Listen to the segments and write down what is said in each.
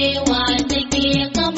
kewa take kawo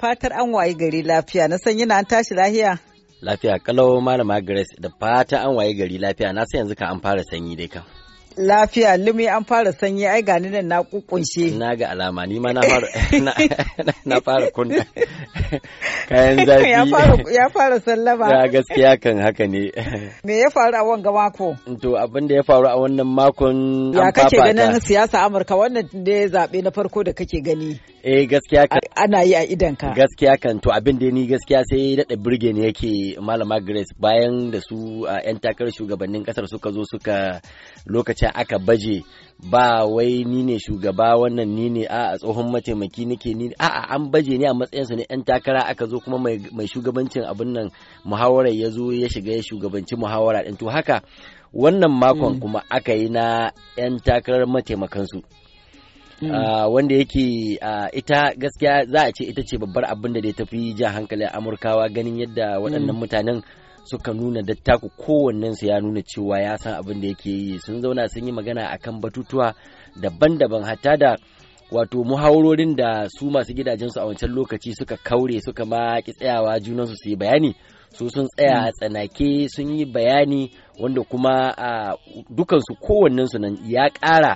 fatar an waye gari lafiya na san yana an tashi lafiya. Lafiya kalau malama Grace da fata an waye gari lafiya na san yanzu ka an fara sanyi dai ka. Lafiya lumi an fara sanyi ai gani nan na kukunshe. Na ga alama ni ma na fara na fara kunna. Kayan zafi. Ya fara sallama. Ya gaskiya kan haka ne. Me ya faru a wanga mako? To abin da ya faru a wannan makon an fafata. Ya kake ganin siyasa Amurka wannan da ya zaɓe na farko da kake gani. eh gaskiya kan ana yi a idan ka gaskiya kan to abin da ni gaskiya sai daɗa birge ne yake malama grace bayan da su yan takarar shugabannin kasar suka zo suka lokacin aka baje ba wai ni ne shugaba wannan ni ne a tsohon mataimaki nake ni a an baje ne a matsayin sa ne yan takara aka zo kuma mai shugabancin abin nan muhawarar ya zo ya shiga ya shugabanci muhawara din to haka wannan makon mm. kuma aka yi na yan takarar mataimakansu. su Hmm. Ah, wanda yake ah, ita gaskiya za a ce ita ce babbar abin da dai tafi jan hankalin amurkawa ganin yadda waɗannan hmm. mutanen suka nuna dattaku kowannensu ya nuna cewa ya san abin da yake yi sun zauna sun yi magana akan batutuwa daban-daban hatta da wato muhawarorin da su masu gidajensu a wancan lokaci suka kaure suka ma ki tsayawa junansu su yi bayani su sun tsaya a hmm. tsanake sun yi bayani wanda kuma a ah, dukansu kowannensu nan ya ƙara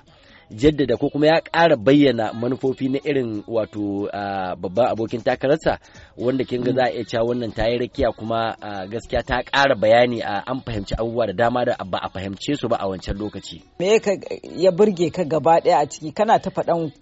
jaddada ko kuma ya ƙara bayyana manufofi na irin wato babban abokin takararsa wanda kin ga mm. za a iya cewa wannan ta yi rakiya kuma gaskiya ta ƙara bayani a an fahimci abubuwa da dama da ba a fahimce su ba a wancan lokaci. Me ya burge ka gaba ɗaya a ciki kana ta faɗan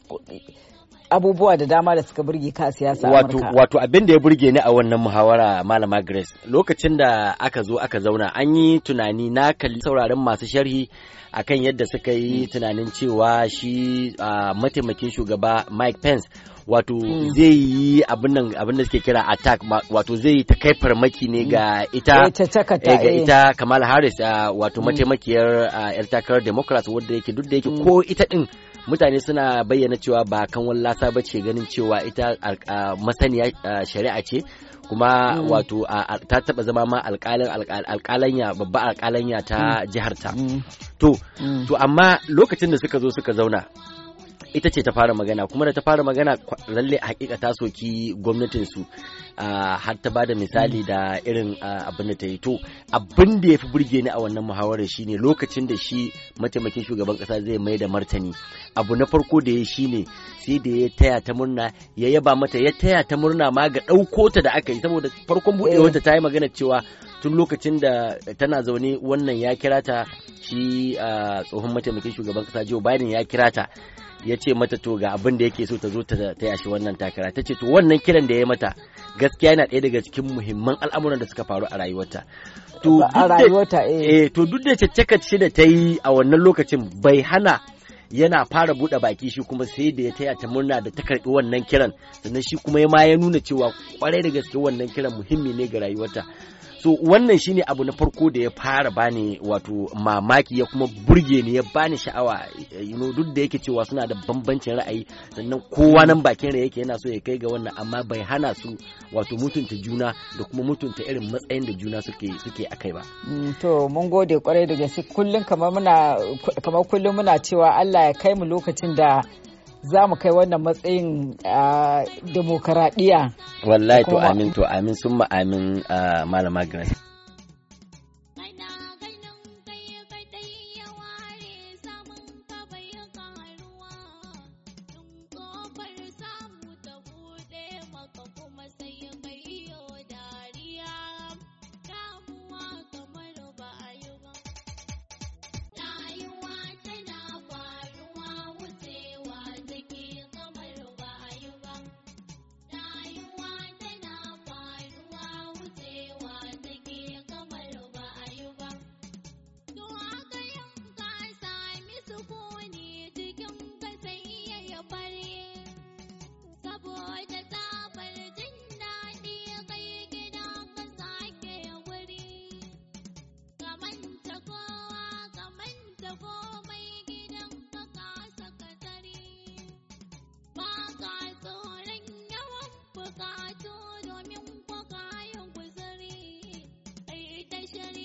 abubuwa da dama da suka burge ka siyasa wato wato abin da ya burge ni a wannan muhawara malama grace lokacin da aka zo aka zauna an yi tunani na kalli sauraron masu sharhi akan yadda suka yi mm. tunanin cewa shi mataimakin shugaba Mike Pence wato mm. zai yi abin da suke kira attack wato zai yi ta kai farmaki ne mm. ga ita eh, eh, ga eh. ita Kamala Harris wato mataimakiyar yar takarar Democrats wadda yake duk da yake ko ita din mutane suna bayyana cewa ba kan wallasa ba ce ganin cewa ita masaniya shari'a ce kuma mm. wato ta taba zama ma alkalin alƙalanya babba alƙalanya ta mm. jihar ta mm. to to amma lokacin da suka zo suka zauna ita ce ta fara magana kuma da ta fara magana lalle hakika ta soki gwamnatin su har ta bada misali da irin abin da ta yi to abin da ya fi burge ni a wannan muhawarar shine lokacin da shi mataimakin shugaban kasa zai mai da martani abu na farko da ya shine sai da ya taya ta murna ya yaba mata ya taya ta murna ma ga ɗauko ta da aka yi saboda farkon buɗewarta eh. ta yi magana cewa tun lokacin da tana zaune wannan ya kira ta shi tsohon mataimakin shugaban kasa Joe Biden ya kira ta ya ce mata to ga abin da yake so ta zo ta yashi wannan takara ta ce to wannan kiran da ya mata gaskiya yana ɗaya daga cikin muhimman al'amuran da suka faru a rayuwarta to duk da eh. Eh, caccaka ce da ta yi a wannan lokacin bai hana yana fara buɗe baki shi kuma sai da ya taya ta murna da ta karɓi wannan kiran sannan shi kuma ma ya nuna cewa kwarai da gaske wannan kiran muhimmi ne ga rayuwarta so wannan shine abu na farko da ya fara bani wato mamaki ya kuma burge ni ya bani sha'awa you know duk da yake cewa suna da bambancin ra'ayi sannan kowa nan bakin ra'ayi yake yana so ya kai ga wannan amma bai hana su wato mutunta juna da kuma mutunta irin matsayin da juna suke suke kai ba mm, to mun gode kwarai da gaske kullum kamar muna kamar kullum muna cewa Allah ya kai mu lokacin da za mu kai wannan matsayin a demokaradiyya. Wallahi to amin to amin sun amin malama Grace.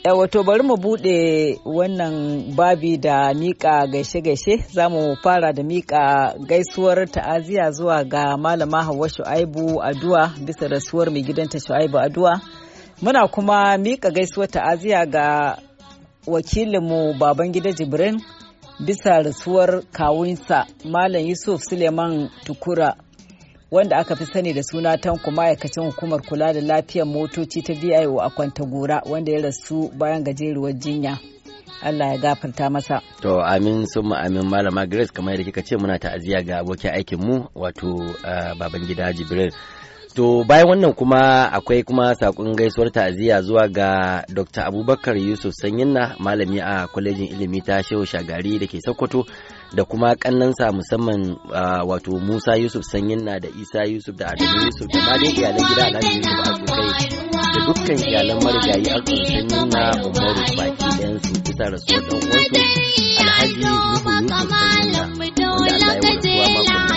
Eh, wato bari mu bude wannan babi da mika gaishe-gaishe za mu fara da mika gaisuwar ta'aziya zuwa ga malama hawa shu'aibu addu'a bisa rasuwar mai gidanta shu'aibu addu'a muna kuma mika gaisuwar ta'aziya ga wakilinmu baban gida jibrin bisa rasuwar kawunsa malam yusuf suleiman tukura wanda aka fi sani da suna tanko ma'aikacin hukumar kula da lafiyar motoci ta VIO a Kwantagora wanda ya rasu bayan gajeruwar jinya. Allah ya gafarta masa. To amin sun amin malama Grace kamar yadda kika ce muna ta'aziyya ga abokin aikin mu wato uh, ah, baban gida Jibril. To bayan wannan kuma akwai kuma sakon gaisuwar ta'aziyya zuwa ga Dr. Abubakar Yusuf Sanyinna malami a kwalejin ilimi ta Shehu Shagari da ke Sokoto da kuma kannansa musamman wato Musa Yusuf Sanyinna da Isa Yusuf da Adamu Yusuf da Madin iyalan gida Alhaji Yusuf Abukai da dukkan iyalan marigayi a kusurin na umaru baki ɗayan su isa rasuwar ɗan uwansu alhaji nuhu yusuf sanina wanda Allah ya wani makon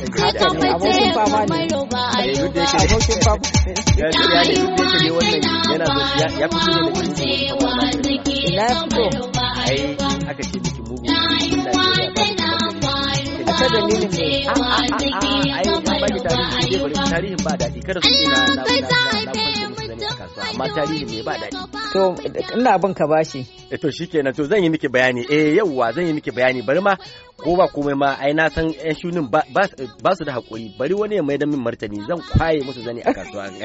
abokin fama ne abokin na gaskiya yana ya ya fito a a a a ba ki tarihi na na na amma tarihi ne ba daɗi. To ina bin ka bashi. E to shikenan to zan yi miki bayani eh yauwa zan yi miki bayani bari ma ko ba komai ma ai na san ƴan shunin ba su da hakuri bari wani ya maida min martani zan kwaye musu zani a kasuwa.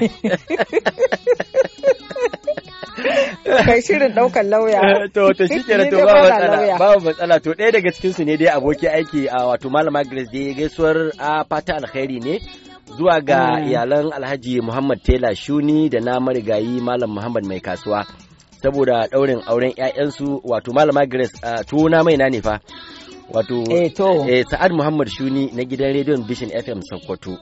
kai shirin ɗaukar lauya eh, to to shikenan to babu matsala babu matsala to ɗaya daga cikin su ne dai aboki aiki a wato malama Grace dai gaisuwar a fata alkhairi ne zuwa ga eh. iyalan alhaji muhammad tela shuni da na marigayi malam muhammad mai kasuwa saboda ɗaurin auren 'ya'yansu wato malama grace a tuna mai na ne wato eh, eh, sa'ad muhammad shuni na gidan rediyon bishin fm sokoto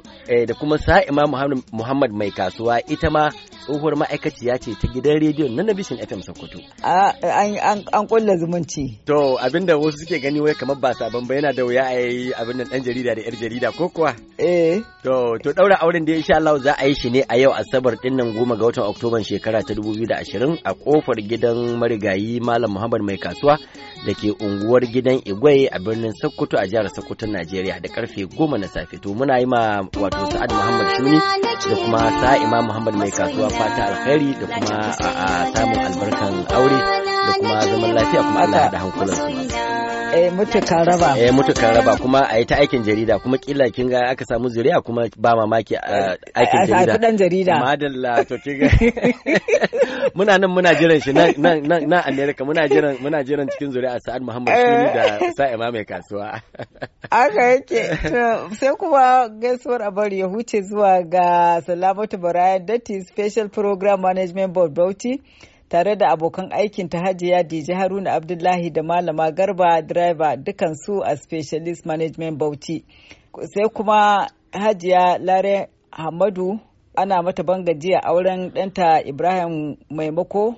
da kuma sa'ima muhammad mai kasuwa ita ma tsohuwar ma'aikaciya ce ta gidan rediyon na Nabishin FM Sokoto. An kulla zumunci. To abinda wasu suke gani wai kamar ba sabon ba yana da wuya a yi abin da ɗan jarida da 'yar jarida ko kuwa? Eh. To to ɗaura auren da ya sha Allah za a yi shi ne a yau Asabar ɗin nan goma ga watan Oktoban shekara ta da 2020 a kofar gidan marigayi Malam Muhammad Mai Kasuwa da ke unguwar gidan Igwe a birnin Sokoto a jihar Sokoto Najeriya da karfe goma na safe. To muna yi ma wato Sa'ad Muhammad Shuni. da kuma sa sa'ima muhammad mai kasuwa fata alkhairi da kuma samun albarkan aure da kuma zaman lafiya kuma da haɗa hankulansu eh mutukan raba eh mutukan raba kuma a yi ta aikin jarida kuma kila kin ga aka samu zuriya kuma ba mamaki eh, aikin jarida a kudan jarida madalla to kin ga muna nan muna jiran shi nan nan nan America muna jiran muna jiran cikin zuriya Sa'ad Muhammad Shiru eh. da Sa'ima mai kasuwa aka yake sai kuma gaisuwar a bari ya huce zuwa ga Salamatu Barayan Datti Special Program Management Board Bauchi tare da abokan aikin ta hajiya Dije Haruna Abdullahi da Malama Garba Driver dukansu a Specialist Management Bauchi. Sai kuma hajiya Lare Hamadu ana mata bangajiya a auren ɗanta Ibrahim Maimako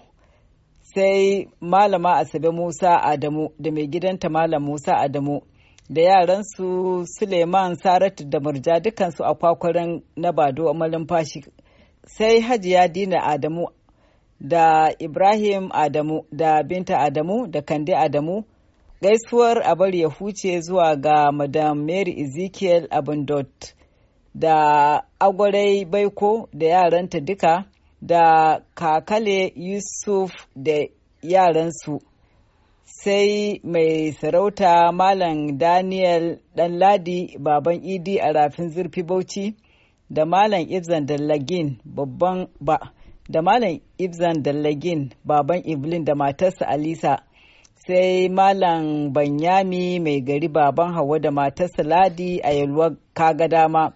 sai Malama Asabe Musa Adamu da mai gidanta Malam Musa Adamu. da yaransu Suleiman Saratu da Murja dukansu a kwakwaran na Bado a malumfashi sai Hajiya Dina Adamu da Ibrahim Adamu da Binta Adamu da Kande Adamu. Gaisuwar a bari ya huce zuwa ga Madam Mary Ezekiel Abundot da Agwarai Baiko da yaranta duka da Kakale Yusuf da yaransu. Sai mai sarauta Malam Daniel Ɗanladi Baban Idi a rafin zurfi Bauchi da Malam Ibzan Dallagin babban ba. da Malam Ibzan Dallagin baban Iblin da matarsa Alisa sai Malam Banyami mai gari baban Hawa da matarsa Ladi a yalwa kaga dama.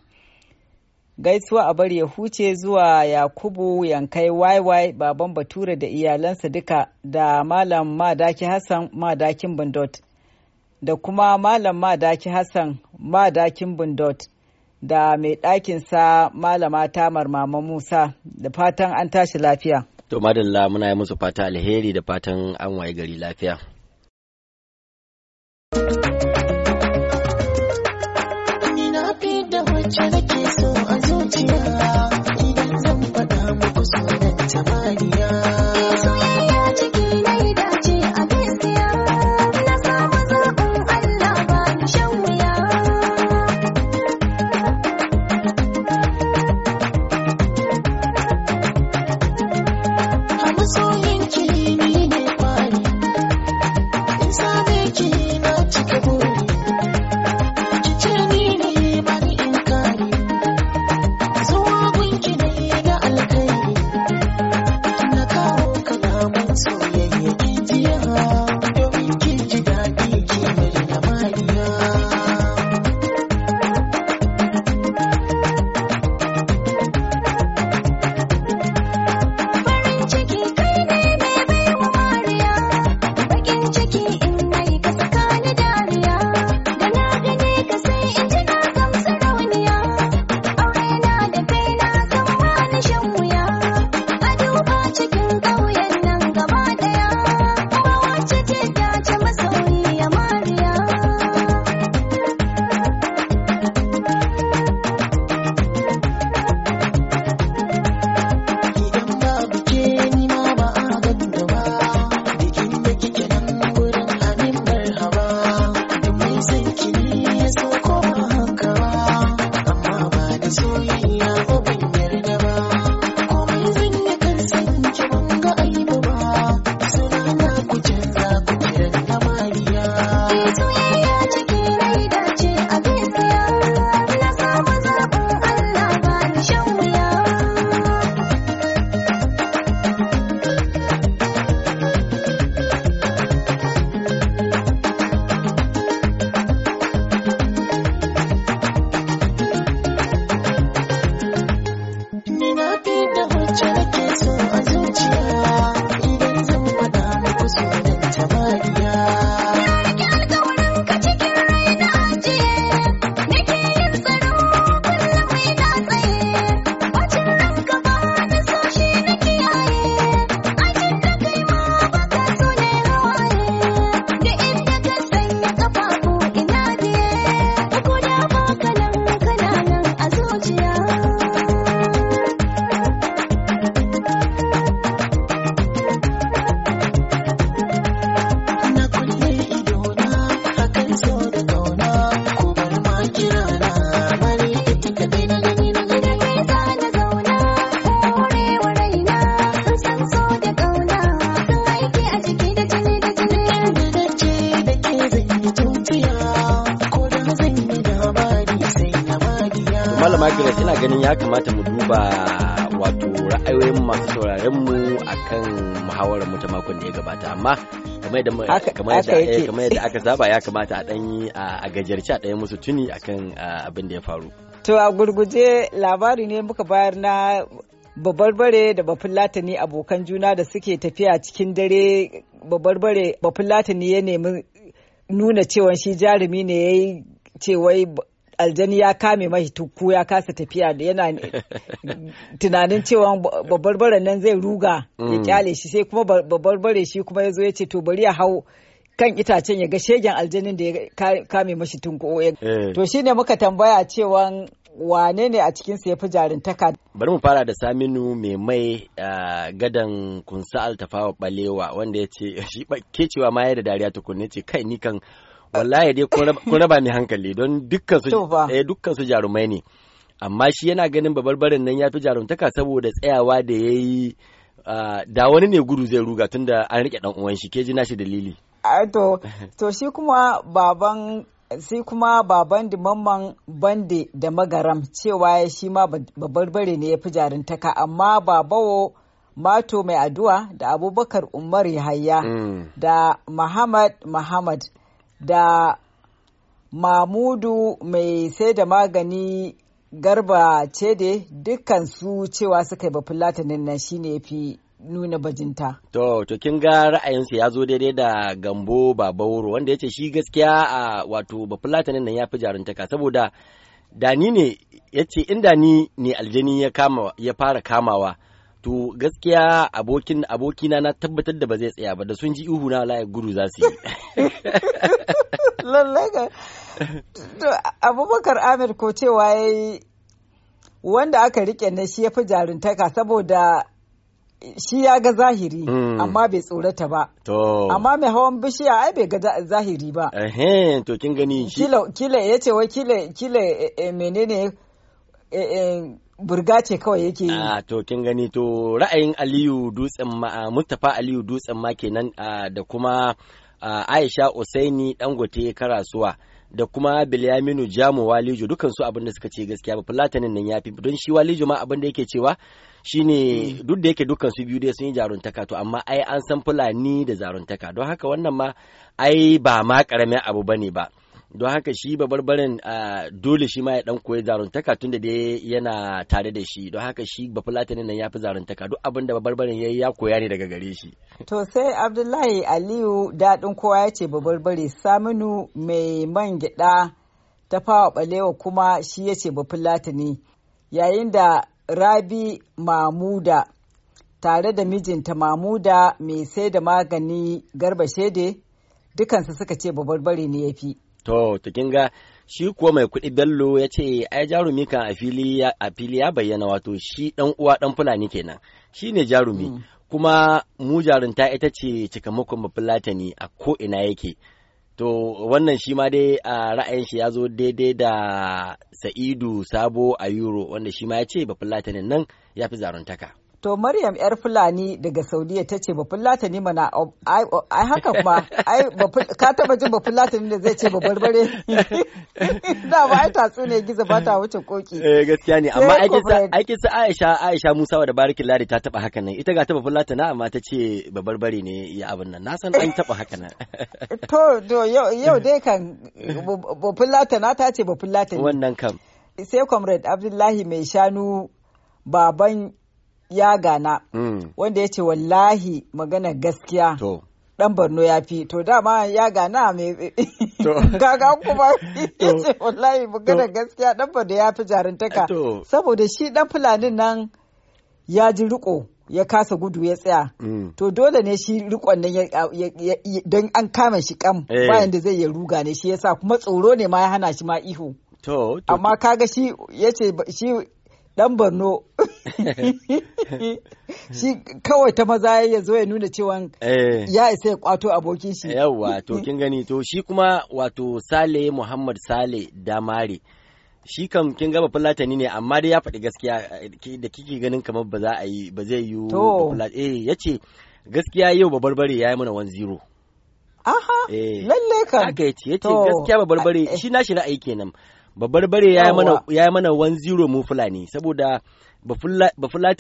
Gaisuwa a bari ya huce zuwa Yakubu yankai YY baban Bature da iyalansa duka da Malam Madaki Hassan Madakin Bundot da kuma Malam Madaki Hassan Madakin Bundot. da mai ɗakinsa malama tamar mama musa da fatan an tashi lafiya to madalla muna yi musu fata alheri da fatan an waye gari lafiya Idan zan faɗa muku Margaret ina ganin ya kamata mu duba wato ra'ayoyin masu sauraren mu akan muhawarar mu ta makon da ya gabata amma kamar yadda eh, aka saba ya kamata a ɗanyi a gajarci a ɗaya musu tuni akan abin da ya faru. To a gurguje labari ne muka bayar na babarbare da latani abokan juna da suke tafiya cikin dare babarbare bafulatani ya nemi nuna cewa shi jarumi ne ya yi cewai aljani ya kame mai tuku ya kasa tafiya da yana tunanin cewa babbar nan zai ruga ya mm. kyale shi sai kuma babbar shi kuma ya zo ya ce to bari ya hau kan itacen ya ga shegen aljanin da ya kame mashi tunko eh. to shine muka tambaya cewa wane ne a cikinsa ya fi jarintaka bari mu fara da saminu mai mai gadan kunsa altafawa balewa wanda ya ce shi kecewa ma ya da dariya tukunne ce kai ni kan wallahi dai kun raba ni hankali don eh, dukkan su jarumai ne amma shi yana ganin babarbarin nan ya fi jarumtaka saboda tsayawa da ya yi da wani ne gudu zai ruga tunda an rike ɗan uwan shi ke ji nashi dalili to to shi kuma baban sai kuma baban mamman bande da magaram cewa shi ma babarbare ne ya fi jaruntaka amma babawo mato mai addu'a da abubakar umar yahaya mm. da muhammad muhammad da mamudu mai sai da magani garba cede dukansu cewa suka yi bafin bafulatanin nan shine ya fi nuna bajinta. To, to kin ga ra'ayinsu ya zo daidai da gambo babauro wanda ya ce shi gaskiya a wato bafin latinin nan ya fi jaruntaka saboda da ni ne ya ce inda ni ne aljani ya fara kamawa to gaskiya abokin abokina na tabbatar da ba zai tsaya ba da sun ji ihu na wallahi gudu za su yi lallai abubakar amir ko cewa yi wanda aka rike na shi ya fi jarintaka saboda shi ya ga zahiri hmm. amma bai tsorata ba amma mai hawan bishiya ai bai ga zahiri ba to kin gani shi kila ya ce wai kila eh, eh, menene eh, burga ce kawai yake yi. Ah, to kin gani to ra'ayin Aliyu Dutsen ma ah, Mustapha Aliyu Dutsen ma kenan ah, da kuma ah, Aisha Usaini Dangote Karasuwa. da kuma Bilyaminu Jamu Walijo dukan su abin da suka ce gaskiya ba Fulatanin nan ya fi don shi Walijo ma abin da yake cewa shine ne hmm. duk da yake dukkan su biyu dai sun yi jaruntaka to amma ai an san Fulani da jaruntaka don haka wannan ma ai ba ma karamin abu bane ba. don haka shi babarbaren dole shi ma ya dan koyi zaruntaka tun da dai yana tare da shi don haka shi bafulatanin nan ya fi zaruntaka duk abin da barin ya yi ya koya ne daga gare shi to sai abdullahi aliyu daɗin kowa ya ce babarbare saminu mai man gyaɗa ta fawa balewa kuma shi ya ce bafulatani yayin da rabi mamuda tare da mijinta mamuda mai sai da magani garba shede dukansu suka ce babarbare ne ya fi To, ta ga shi kuwa mai kuɗi Bello ya ce, ai jarumi kan a fili ya bayyana wato shi ɗan uwa ɗan Fulani kenan, shi ne jarumi, mm. kuma mu jarunta ita ce cikamakon ne a ko'ina yake. To, wannan shi ma dai a ra'ayin shi ya zo daidai da Sa'idu Sabo a Euro, wanda shi ma ya ce bafulatanin nan ya fi zaruntaka. To Maryam yar Fulani daga Saudiya ta ce bafin latani mana ai haka kuma ai ka taba jin bafin latani da zai ce ba barbare da ba ai tatsu ne gizo ba ta wuce koki. Eh gaskiya ne amma aikin sa Aisha Aisha Musa da Barikin Ladi ta taba haka nan ita ga ta bafin latana amma ta ce ba barbare ne ya abin nan na san an taba haka nan. To yau dai kan bafin latana ta ce bafin latani. Wannan kam. Sai Comrade Abdullahi mai shanu baban ya gana hmm. wanda ya ce wallahi magana gaskiya dan barno ya fi to dama ya gana mai gaga kuma yace wallahi magana gaskiya dan barno ya fi jarintaka saboda shi dan fulanin nan ya ji riko ya kasa gudu ya tsaya hmm. to dole ne shi rikon nan don an kama shi kam eh. bayan da zai ya ruga ne shi yasa kuma tsoro ne ma ya hana shi ma ihu amma kaga shi yace shi dan barno shi kawai ta maza ya zo ya nuna cewa eh. ya isa ya kwato abokin shi yawa to kin gani to shi kuma wato sale muhammad sale damare shi kam kin gaba fulatani ne amma dai ya faɗi gaskiya eh, da kike ganin kamar ba za a yi ba zai yi eh ya ce gaskiya yau ba barbare ya yi mana 1-0 aha eh. lalle kan haka ya ce ya ce gaskiya ba barbare shi na shi ra'ayi kenan ba barbare ya yi mana 1-0 mu fulani saboda Ba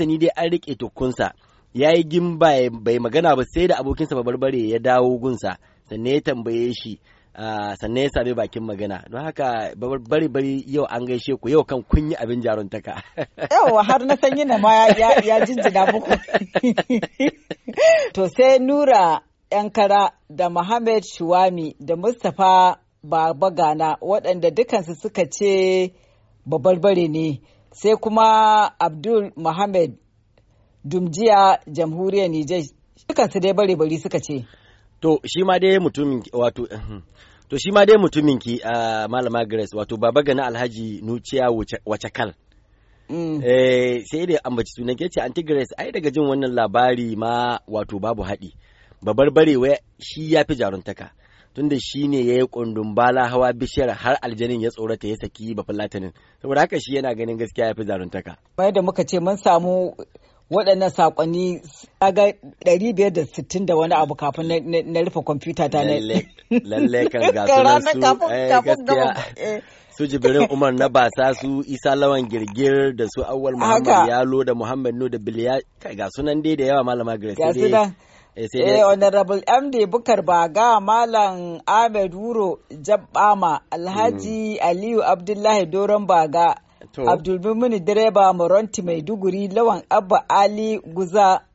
ni dai an riƙe tokkunsa ya yi gimba bai magana ba sai da abokinsa barbare ya dawo gunsa sannan ya tambaye shi sannan ya sami bakin magana don haka bari bari yau an gaishe ku yau kan kun yi abin jaruntaka yawa har na sanyi na ma ya jinjina muku to sai nura yankara da Mohammed shuwami da mustapha babagana waɗanda dukansu suka ce babarbare ne sai kuma abdul Muhammad dumjiya jamhuriyar nijar dukansu dai bare bari suka ce to shi ma dai mutumin wato to shi ma dai mutumin ki a malama grace wato baba gana alhaji nuciya wace kal mm. eh, sai dai ambaci sunan ke ce anti grace ai daga jin wannan labari ma wato babu haɗi babar barewa shi ya fi jaruntaka tunda shi ne ya yi kundun bala hawa bishiyar har aljanin ya tsorata ya saki ba fulatinin saboda haka shi yana ganin gaskiya ya fi zaruntaka. bayan da muka ce mun samu waɗannan saƙonni ga ɗari biyar da sittin da wani abu kafin na rufe kwamfuta ta ne lalle kan ga su eh, eh. su jibirin umar na basa su isa lawan girgir da su awwal muhammad yalo da muhammad nu da biliya ga sunan dai da yawa malama grace Eh, eh, Honorable MD Bukar Baga Malam Ahmed Wuro Jabbama Alhaji hmm. Aliyu Abdullahi Doron Baga. Abdulmumini Direba Moronti Maiduguri Lawan Abba Ali Guza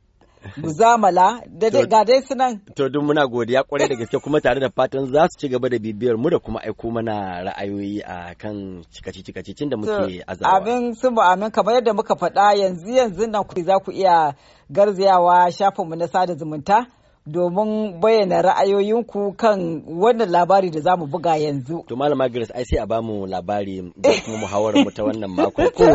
muzamala ga dai sunan to duk muna godiya kwarai da gaske kuma tare da fatan za su ci gaba da bibiyar mu da kuma aiko mana ra'ayoyi a kan cikaci cikacicin da muke azawa abin sun amin kamar yadda muka faɗa yanzu yanzu nan ku za ku iya garzayawa shafinmu na sada zumunta domin bayyana ra'ayoyinku kan wannan labari da za mu buga yanzu. To Malama Grace ai sai a bamu labari da kuma muhawarar mu ta wannan mako ko.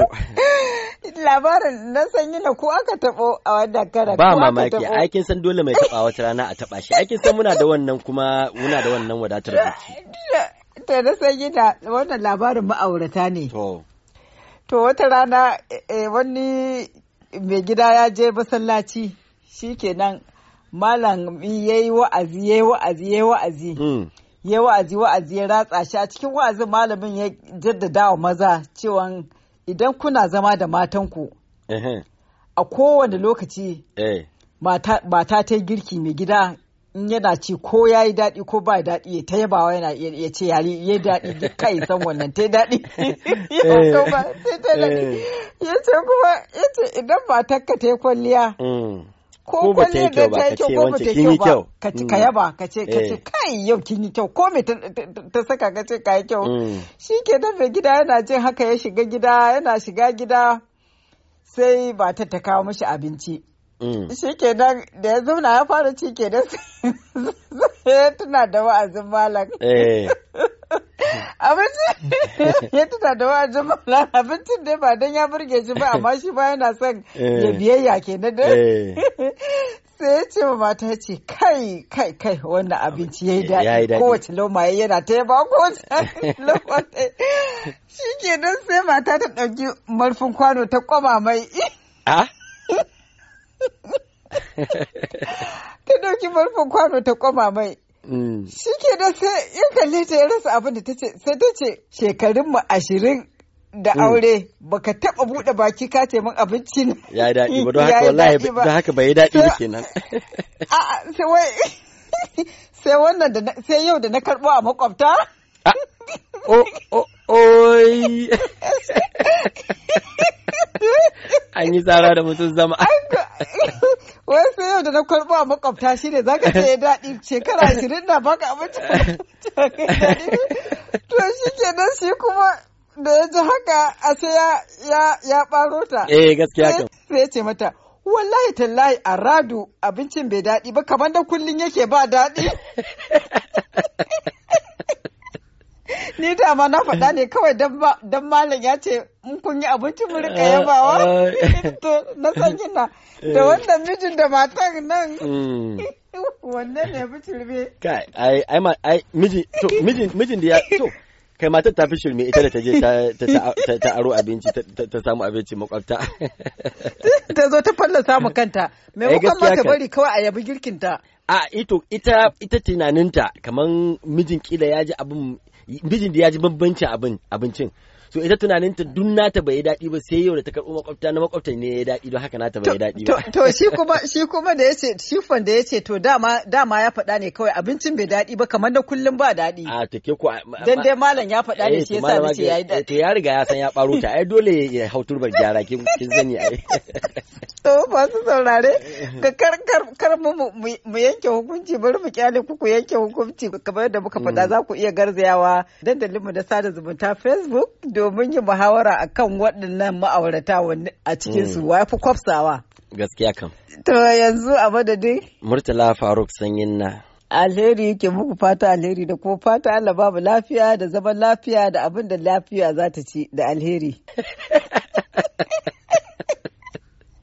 labarin na sanyi na ko aka tabo a wannan karan ba mamaki aikin san dole mai taɓa wata rana a taɓa shi aikin san muna da wannan kuma muna da wannan wadatar baki to na sanyi da wannan labarin ma'aurata ne to wata rana e, e, wani mai gida ya je masallaci shi nan malami ya yi wa'azi ya yi wa'azi ya yi wa'azi mm. ya wa'azi wa'azi ya ratsa shi a cikin wa'azin malamin ya jaddada wa maza cewa idan kuna zama da matanku a kowane lokaci eh. mata ta girki mai gida in yana ci ko ya yi daɗi ko ba daɗi ya ta yabawa yana ya ce yari ya daɗi kai san wannan ta yi daɗi eh. eh. ya ce kuma ya ce idan matarka ta yi kwalliya mm. ko ba ta yi kyau ba ka ce wance kin yi kyau mm. ka yaba ka ce ka ce eh. kai yau kin yi kyau ko me ta saka ka ce ka yi kyau mm. shi ke nan da gida yana jin haka ya shiga gida yana shiga gida sai ba ta ta kawo mashi abinci mm. shi ke nan da ya zauna ya fara ci ke nan sai tuna da wa'azin malam eh. abincin ya tuta da wa'ajin maulana abincin dai ba don ya burge shi ba amma shi ba yana son eh. ya biyayya ke na dai eh. sai ya ce mata ce kai kai kai wannan abinci ya yi daɗi kowace loma ya yana ta yaba kowace loma shi ke don sai mata ta ɗauki marfin kwano ta kwama mai ta ɗauki marfin kwano ta kwama mai Mm. Shi ke da sai ya kalle ta ya rasa abin da ta ce sai ta ce shekarun mu ashirin da mm. aure baka taba bude baki ka ce min abinci ne ya daɗi ba don haka wallahi don haka bai yi daɗi ba kenan sai wai sai wannan da sai yau da na karbo a makwabta ah, o oh, oh. Oi! An yi tsara da mutum zama. Wai sai yau da na kwalba a makwabta shi ne zaka ce ya daɗi shekara ashirin na baka abinci. To shi ke nan shi kuma da ya ji haka a sai ya ɓaro ta. Eh gaskiya kan. Sai ya ce mata wallahi tallahi a radu abincin bai daɗi ba kamar da kullum yake ba daɗi. Ni da ma na faɗa ne kawai don malam ya ce in kun yi abinci mu rika eh, yabawa. Eh. To na san yana eh. da wannan mijin da matan nan. Mm. Wannan ne fi shirme. Kai, ai, ai, miji, to, mijin da ya, to, kai matar ta fi shirme ita da ta je ta aro abinci ta samu abinci makwabta ta zo ta fallasa mu kanta maimakon ma ta bari kawai a yabi girkinta a ito ita ita tunaninta kaman mijin kila ya ji abin mijin da ya ji bambancin abin abincin so ita tunanin ta dun nata bai daɗi ba sai yau da ta karɓo makwabta na makwabta ne ya daɗi don haka nata bai daɗi ba to shi kuma shi kuma da yace shi fon da yace to dama dama ya faɗa ne kawai abincin bai daɗi ba kamar da kullum ba daɗi a to ke ku dan dai malam ya faɗa ne eh, shi yasa nace yayi daɗi eh, to ya riga ya san ya ɓaro ta ai dole ya hauturbar gyara kin kin sani ai To masu saurare, ga kar mu yanke hukunci bari mu kyale ku yanke hukunci kamar da muka faɗa mm. za ku iya garzayawa mu da sada zumunta Facebook domin yin muhawara akan waɗannan ma'aurata a cikinsu mm. wa fi kwafsawa. Gaskiya kam. To yanzu a madadin? Murtala Faruk Sanyin na. alheri yake muku fata alheri da kuma fata Allah babu lafiya da zaman lafiya da abin da lafiya za ta ci da alheri.